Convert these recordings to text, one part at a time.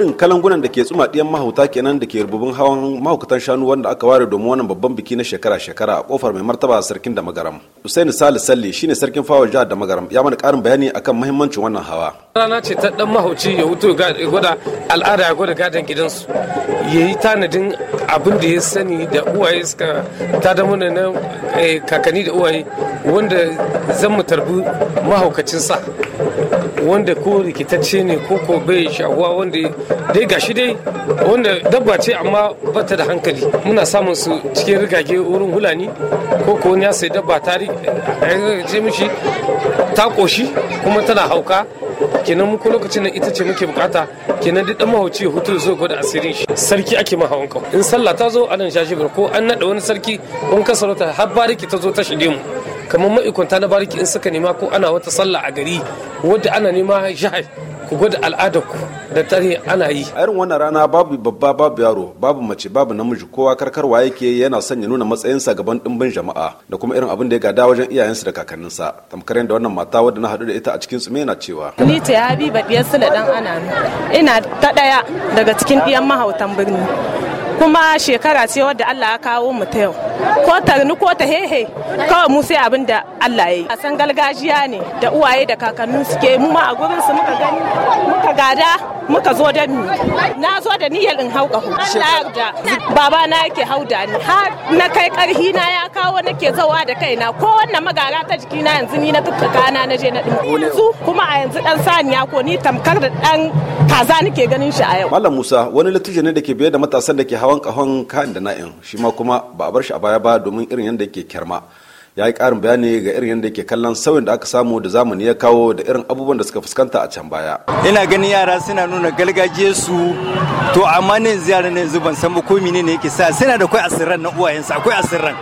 irin kalangunan da ke tsuma ɗiyan mahauta kenan da ke rububin hawan mahaukatan shanu wanda aka ware domin wannan babban biki na shekara-shekara a kofar mai martaba sarkin da magaram usaini salis salli shine sarkin fawar jihar da magaram ya mana ƙarin bayani akan mahimmancin wannan hawa rana ce ta ɗan mahauci ya wuto gwada al'ada ya gwada gadon gidansu ya yi tanadin abin da ya sani da uwaye suka ta mana na eh, kakanni da uwaye wanda zan mu tarbi mahaukacin sa wanda ko rikitacce ne ko ko bai shaguwa wanda dai gashi dai wanda dabba ce amma bata da hankali muna samun su cikin rigage wurin hulani ko ko ya sai dabba ta rike mishi ta koshi kuma tana hauka kenan muku lokacin nan ita ce muke bukata kenan duk dan mahauci ya hutu zo gwada asirin shi sarki ake ma hawan in sallah ta zo anan shashi ko an nada wani sarki in ka har bariki ta zo ta shige mu kamar ma'ikwanta na bariki in suka nema ko ana wata sallah a gari wadda ana nema jihar ku gwada al'adar ku da tarihi ana yi a irin wannan rana babu babba babu yaro babu mace babu namiji kowa karkarwa yake yana sanya ya nuna matsayinsa gaban dimbin jama'a da kuma irin abin da ya gada wajen iyayensa da kakanninsa tamkar yadda wannan mata wadda na haɗu da ita a cikin tsume yana cewa ni ce habiba diyar sula dan ana ina ta daya daga cikin diyan mahautan birni kuma shekara ce wadda Allah ya kawo mu ta yau ko tarni ko ta hehe kawai mu sai abin da Allah ya yi a san gargajiya ne da uwaye da kakannin suke mu ma a gurin su muka gani muka gada muka zo da ni na zo da niyyar in hau kahu Allah da baba na yake da ni har na kai karhi na ya kawo nake zawa da kaina ko wannan magara ta jiki na yanzu ni na tuttuka na je na yanzu kuma a yanzu dan saniya ko ni tamkar da dan kaza nake ganin shi a yau Malam Musa wani latije ne da ke biye da matasan da ke hawan kahon kan da na'in shi ma kuma ba a bar shi a baya ba domin irin yadda yake kyarma ya yi karin bayani ga irin yadda yake kallon sauyin da aka samu da zamani ya kawo da irin abubuwan da suka fuskanta a can baya ina ganin yara suna nuna su to amma ne ziyarar ne zuban san ba ko ne yake sa suna da kwai asirran na uwayensu akwai asirran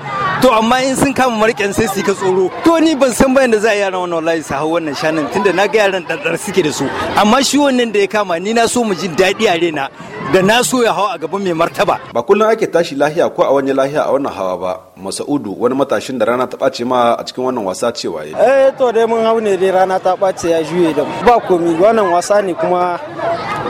to amma in sun kama marken sai su ka tsoro to ni ban san bayan da za a yaran wannan wallahi su hau wannan shanin tunda na ga yaran ɗanɗar suke da su amma shi wannan da ya kama ni na so mu ji daɗi a rena da na so ya hawa a gaban mai martaba ba kullum ake tashi lahiya ko a wani lahiya a wannan hawa ba masaudu wani matashin da rana ta ɓace ma a cikin wannan wasa cewa ya eh to dai mun hau ne dai rana ta ɓace ya juye da ba komi wannan wasa ne kuma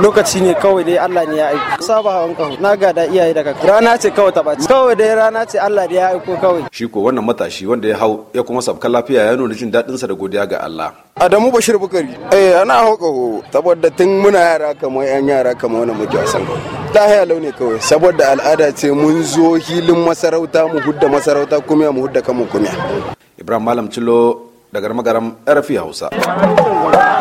lokaci ne kawai dai Allah ne ya aiko saba hawan kawo na ga da iyaye daga rana ce kawai ta ɓace kawai dai rana ce Allah ne ya aiko kawai shi ko wannan matashi wanda ya hau ya kuma sabkan lafiya ya nuna jin daɗinsa da godiya ga Allah Adamu Bashir Bukari eh ana hau kaho saboda tun muna yara kamar yan yara kamar wani muke wasan haya launi kawai saboda al'ada ce mun zo hilin masarauta mu hudda masarauta kumiya mu hudda kamun kumiya ibrahim malam cilo daga magaram rfi hausa